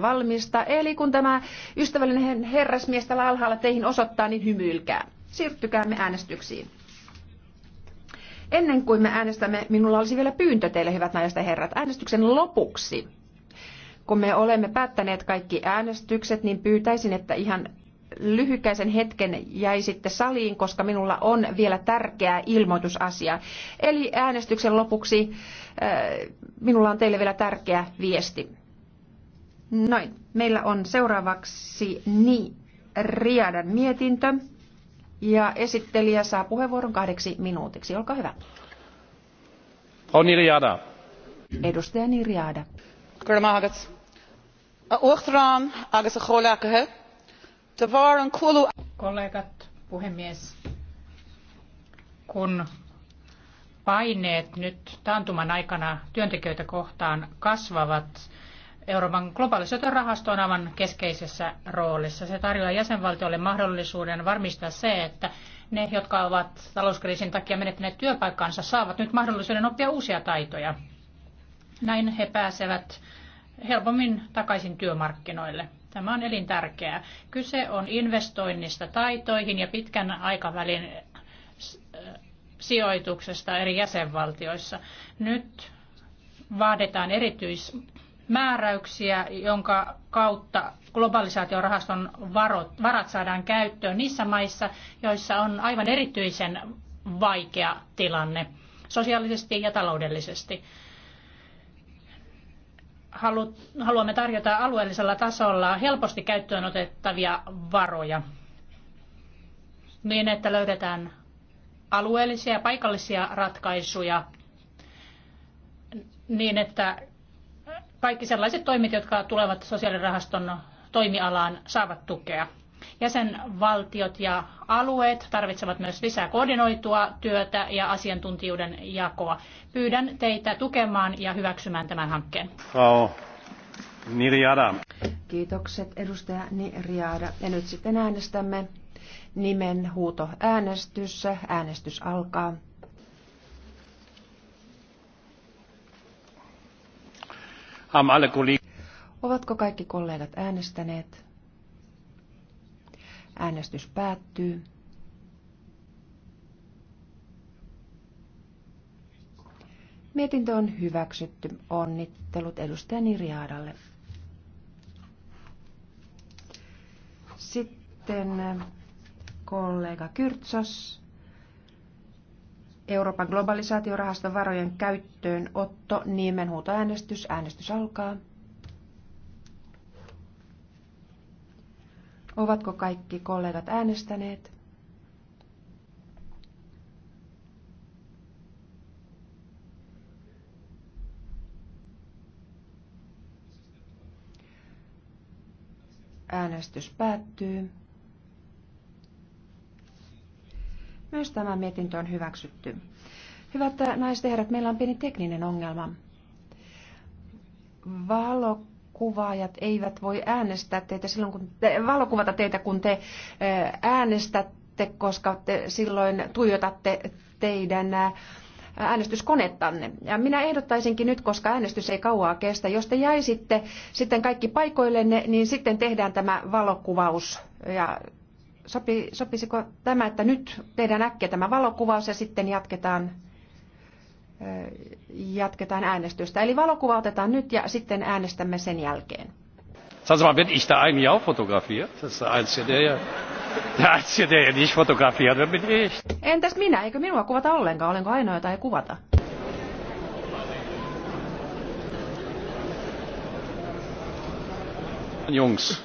valmista. Eli kun tämä ystävällinen herrasmies täällä alhaalla teihin osoittaa, niin hymyilkää. Siirtykäämme äänestyksiin. Ennen kuin me äänestämme, minulla olisi vielä pyyntö teille, hyvät naiset ja herrat, äänestyksen lopuksi. Kun me olemme päättäneet kaikki äänestykset, niin pyytäisin, että ihan lyhykäisen hetken sitten saliin, koska minulla on vielä tärkeää ilmoitusasia. Eli äänestyksen lopuksi äh, minulla on teille vielä tärkeä viesti. Noin. Meillä on seuraavaksi Ni Riadan mietintö. Ja esittelijä saa puheenvuoron kahdeksi minuutiksi. Olkaa hyvä. Frau Niriada. Edustaja Niriada. Kyrmahagats. Uhtran Tavaran kulu... Kollegat, puhemies. Kun paineet nyt taantuman aikana työntekijöitä kohtaan kasvavat, Euroopan globalisaatiorahasto on aivan keskeisessä roolissa. Se tarjoaa jäsenvaltioille mahdollisuuden varmistaa se, että ne, jotka ovat talouskriisin takia menettäneet työpaikkansa, saavat nyt mahdollisuuden oppia uusia taitoja. Näin he pääsevät helpommin takaisin työmarkkinoille. Tämä on elintärkeää. Kyse on investoinnista taitoihin ja pitkän aikavälin äh, sijoituksesta eri jäsenvaltioissa. Nyt vaaditaan erityis määräyksiä, jonka kautta globalisaatiorahaston varot, varat saadaan käyttöön niissä maissa, joissa on aivan erityisen vaikea tilanne sosiaalisesti ja taloudellisesti. Haluamme tarjota alueellisella tasolla helposti käyttöön otettavia varoja niin, että löydetään alueellisia ja paikallisia ratkaisuja niin, että kaikki sellaiset toimet, jotka tulevat sosiaalirahaston toimialaan, saavat tukea. Jäsenvaltiot ja alueet tarvitsevat myös lisää koordinoitua työtä ja asiantuntijuuden jakoa. Pyydän teitä tukemaan ja hyväksymään tämän hankkeen. Niriada. Kiitokset edustaja Niriada. Ja nyt sitten äänestämme nimen huuto äänestys. Äänestys alkaa. Ovatko kaikki kollegat äänestäneet? Äänestys päättyy. Mietintö on hyväksytty. Onnittelut edustaja Niriadalle. Sitten kollega Kyrtsos. Euroopan globalisaatiorahaston varojen käyttöön otto äänestys. Äänestys alkaa. Ovatko kaikki kollegat äänestäneet? Äänestys päättyy. Myös tämä mietintö on hyväksytty. Hyvät naiset ja herrat, meillä on pieni tekninen ongelma. Valokuvaajat eivät voi äänestää teitä silloin, kun te, valokuvata teitä, kun te äänestätte, koska te silloin tuijotatte teidän äänestyskonettanne. Ja minä ehdottaisinkin nyt, koska äänestys ei kauaa kestä, jos te jäisitte sitten kaikki paikoillenne, niin sitten tehdään tämä valokuvaus ja sopi, sopisiko tämä, että nyt tehdään äkkiä tämä valokuvaus ja sitten jatketaan, jatketaan äänestystä. Eli valokuva otetaan nyt ja sitten äänestämme sen jälkeen. Sanoisin että mal, bin ich da eigentlich ja, ja Entäs minä? Eikö minua kuvata ollenkaan? Olenko ainoa, jota ei kuvata? Jungs.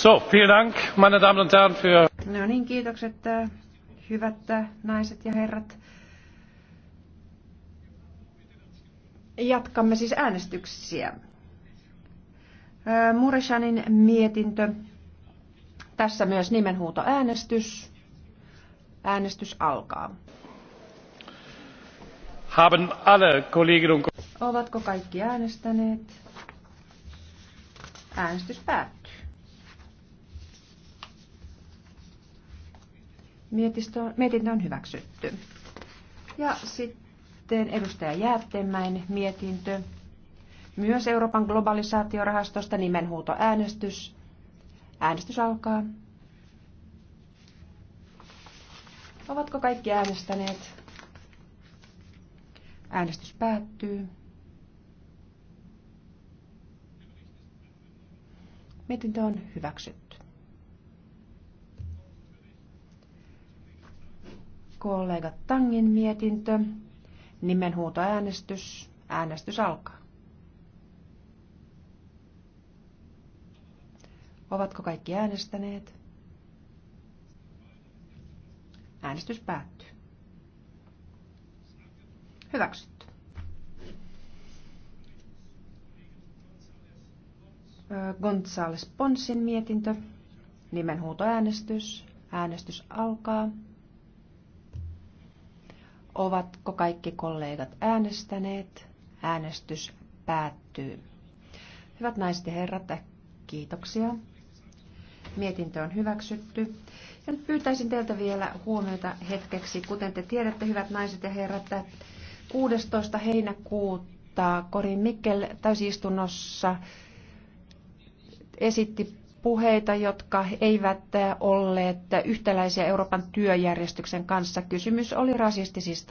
So, vielen Dank, meine Damen und Herren, für... No niin, kiitokset äh, hyvät äh, naiset ja herrat. Jatkamme siis äänestyksiä. Äh, Mureshanin mietintö. Tässä myös nimenhuuto äänestys. Äänestys alkaa. Haben alle Kolleginnen Ovatko kaikki äänestäneet? Äänestys päättyy. Mietintö on hyväksytty. Ja sitten edustaja Jäätteenmäen mietintö. Myös Euroopan globalisaatiorahastosta nimenhuuto äänestys. Äänestys alkaa. Ovatko kaikki äänestäneet? Äänestys päättyy. Mietintö on hyväksytty. kollega Tangin mietintö. Nimenhuutoäänestys. Äänestys alkaa. Ovatko kaikki äänestäneet? Äänestys päättyy. Hyväksytty. Gonzales Ponsin mietintö. Nimenhuutoäänestys. Äänestys alkaa. Ovatko kaikki kollegat äänestäneet? Äänestys päättyy. Hyvät naiset ja herrat, kiitoksia. Mietintö on hyväksytty. Ja nyt pyytäisin teiltä vielä huomiota hetkeksi. Kuten te tiedätte, hyvät naiset ja herrat, 16. heinäkuuta Korin Mikkel täysistunnossa esitti puheita, jotka eivät olleet yhtäläisiä Euroopan työjärjestyksen kanssa. Kysymys oli rasistisista